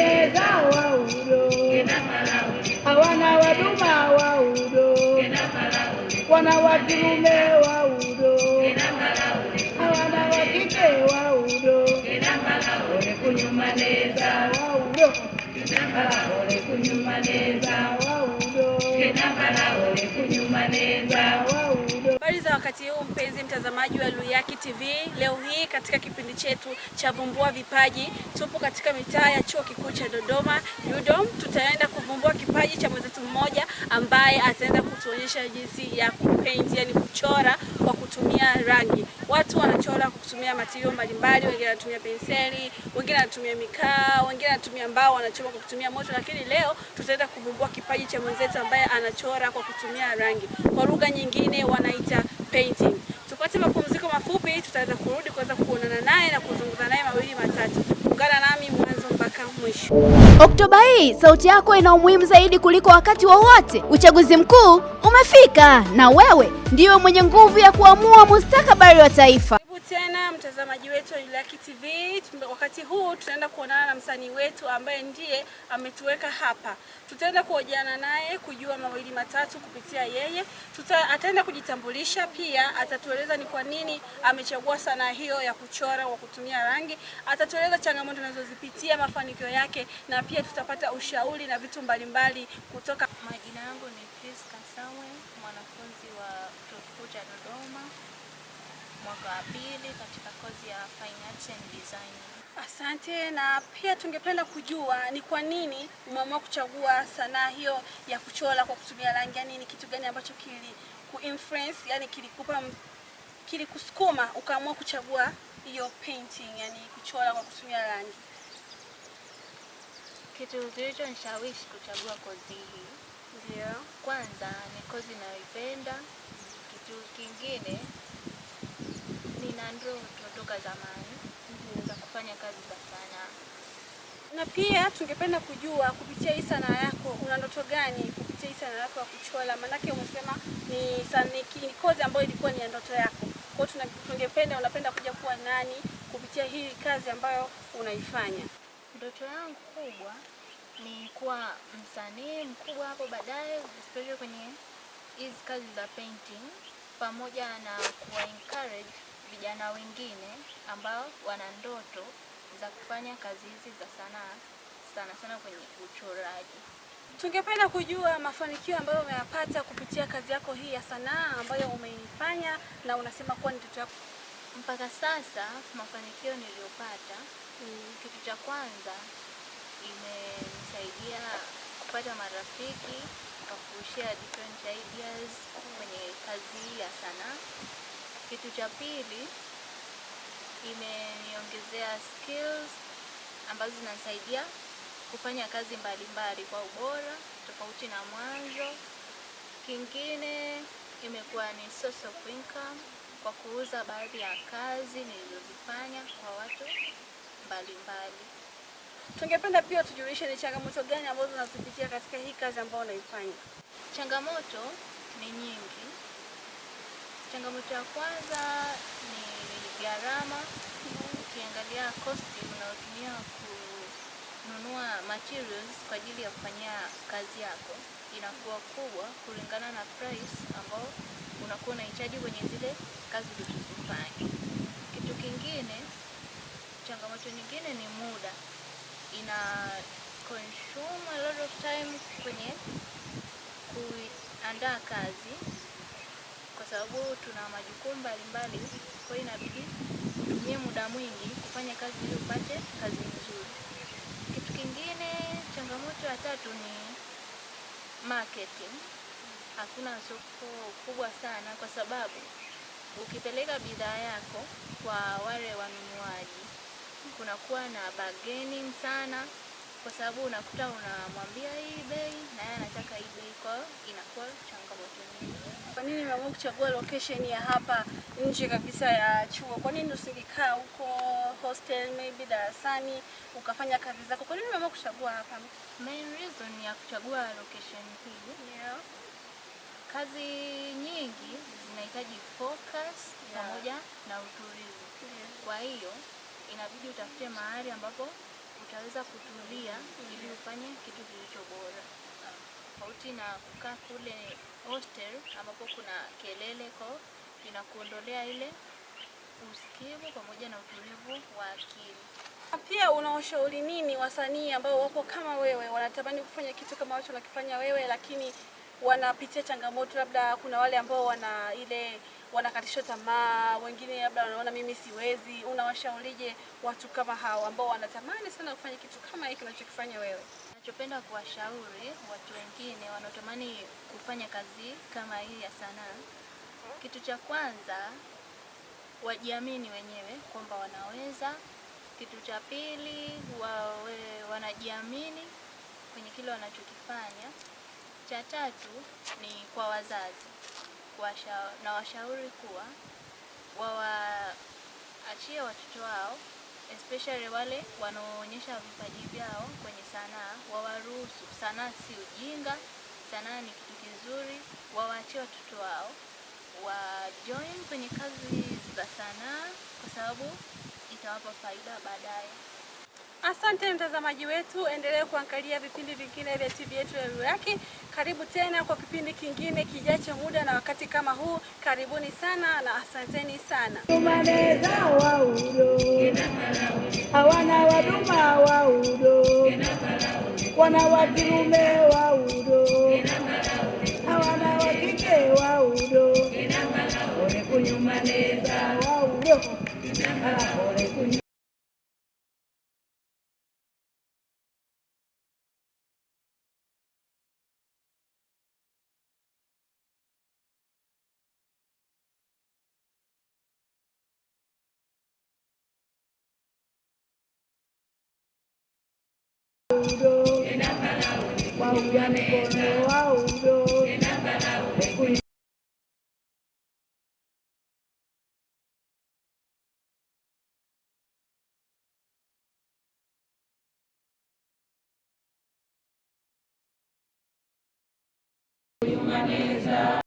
magereza wa udo, hawana waduma wa udo, wana wakiume wa udo, wakike wa udo, ole kunyumaneza wa udo, ole kunyumaneza wa udo, ole kunyumaneza wa udo. za wakati huu mpenzi mtazamaji wa Luyaki TV. Leo hii katika kipindi chetu cha vumbua vipaji, tupo katika mitaa ya chuo kikuu cha Dodoma UDOM. Tutaenda kuvumbua kipaji cha mwenzetu mmoja ambaye ataenda kutuonyesha jinsi ya kupaint, yani kuchora kwa kutumia rangi. Watu wanachora kwa kutumia matirio mbalimbali, wengine wanatumia penseli, wengine wanatumia mikaa, wengine wanatumia mbao, wanachora kwa kutumia moto, lakini leo tutaenda kuvumbua kipaji cha mwenzetu ambaye anachora kwa kutumia rangi, kwa lugha nyingine wanaita painting. Tupate mapumziko mafupi, tutaweza kurudi kuweza kuonana naye na kuzungumza naye mawili matatu. Ungana nami mwanzo mpaka mwisho. Oktoba hii sauti yako ina umuhimu zaidi kuliko wakati wowote. Wa uchaguzi mkuu umefika na wewe ndiwe mwenye nguvu ya kuamua mustakabali wa taifa mtazamaji wetu wa Iliaki TV. Wakati huu tunaenda kuonana na msanii wetu ambaye ndiye ametuweka hapa. Tutaenda kuhojiana naye kujua mawili matatu kupitia yeye. Tuta, ataenda kujitambulisha pia, atatueleza ni kwa nini amechagua sanaa hiyo ya kuchora kwa kutumia rangi, atatueleza changamoto anazozipitia, mafanikio yake, na pia tutapata ushauri na vitu mbalimbali kutoka. Majina yangu ni Priska Samuel, mwanafunzi wa chuo kikuu cha Dodoma mwaka wa pili katika kozi ya Fine Arts and Design. Asante. Na pia tungependa kujua ni kwa nini umeamua kuchagua sanaa hiyo ya kuchora kwa kutumia rangi, yani ni kitu gani ambacho kili influence, yani kilikupa kilikusukuma ukaamua kuchagua hiyo painting, yani kuchora kwa kutumia rangi? Kitu kilichonishawishi kuchagua kozi hii ndio, kwanza ni kozi inayoipenda. Kitu kingine na ndio tunatoka zamani tunaweza kufanya kazi za sanaa. Na pia tungependa kujua kupitia hii sanaa yako una ndoto gani kupitia hii sanaa yako ya kuchora? Maanake umesema ni saniki, ni kozi ambayo ilikuwa ni ya ndoto yako. Kwa hiyo tungependa unapenda kuja kuwa nani kupitia hii kazi ambayo unaifanya? Ndoto yangu kubwa ni kuwa msanii mkubwa hapo baadaye, especially kwenye hizi kazi za painting pamoja na kuwa encourage vijana wengine ambao wana ndoto za kufanya kazi hizi za sanaa sana sana kwenye uchoraji. Tungependa kujua mafanikio ambayo umeyapata kupitia kazi yako hii ya sanaa ambayo umeifanya na unasema kuwa ni ndoto yako. Mpaka sasa mafanikio niliyopata, mm. kitu cha kwanza imenisaidia kupata marafiki, kakushare different ideas kwenye kazi hii ya sanaa kitu cha pili imeniongezea skills ambazo zinasaidia kufanya kazi mbalimbali kwa ubora tofauti na mwanzo. Kingine imekuwa ni source of income kwa kuuza baadhi ya kazi nilizozifanya kwa watu mbalimbali. Tungependa pia tujulishe ni changamoto gani ambazo unazipitia katika hii kazi ambayo unaifanya. Changamoto ni nyingi Changamoto ya kwanza ni gharama, ukiangalia kosti unayotumia kununua materials kwa ajili ya kufanyia kazi yako inakuwa kubwa kulingana na price ambao unakuwa unahitaji kwenye zile kazi ulizozifanya. Kitu kingine, changamoto nyingine ni muda, ina consume a lot of time kwenye kuandaa kazi kwa sababu tuna majukumu mbalimbali, kwa hiyo inabidi tumie muda mwingi kufanya kazi ili upate kazi nzuri. Kitu kingine, changamoto ya tatu ni marketing. Hakuna soko kubwa sana, kwa sababu ukipeleka bidhaa yako kwa wale wanunuaji kunakuwa na bargaining sana kwa sababu unakuta unamwambia hii bei na yeye anataka hii bei, kwa hiyo inakuwa changamoto nyingi umeamua kuchagua location ya hapa nje kabisa ya chuo? Kwa nini usingekaa huko hostel maybe darasani ukafanya kazi zako? Kwa nini umeamua kuchagua hapa? Main reason ya kuchagua location hii yeah. Kazi nyingi zinahitaji focus yeah. pamoja na utulivu yeah. Kwa hiyo inabidi utafute mahali ambapo utaweza kutulia ili ufanye kitu kilicho bora tofauti na kukaa kule hostel ambapo kuna kelele, kwa inakuondolea ile usikivu pamoja na utulivu wa akili. Pia unaoshauri nini wasanii ambao wapo kama wewe, wanatamani kufanya kitu kama wacho unakifanya wewe, lakini wanapitia changamoto? Labda kuna wale ambao wana ile wanakatishwa tamaa, wengine labda wanaona mimi siwezi. Unawashaurije watu kama hao ambao wanatamani sana kufanya kitu kama hiki unachokifanya wewe? Nachopenda kuwashauri watu wengine wanaotamani kufanya kazi kama hii ya sanaa, kitu cha kwanza wajiamini wenyewe kwamba wanaweza. Kitu cha pili wawe wanajiamini kwenye kile wanachokifanya. Cha tatu ni kwa wazazi na washauri kuwa wawaachie watoto wao especially wale wanaoonyesha vipaji vyao kwenye sanaa wawaruhusu. Sanaa si ujinga, sanaa ni kitu kizuri, wawaachie watoto wao wa join kwenye kazi za sanaa kwa sababu itawapa faida baadaye. Asante mtazamaji wetu, endelee kuangalia vipindi vingine vya TV yetu ya Lulaki. Karibu tena kwa kipindi kingine kijacho, muda na wakati kama huu. Karibuni sana na asanteni sana. Waduma wa udo, wana wa kiume wa udo, hawana wa kike wa udo, kunyumaneza wa udo wangu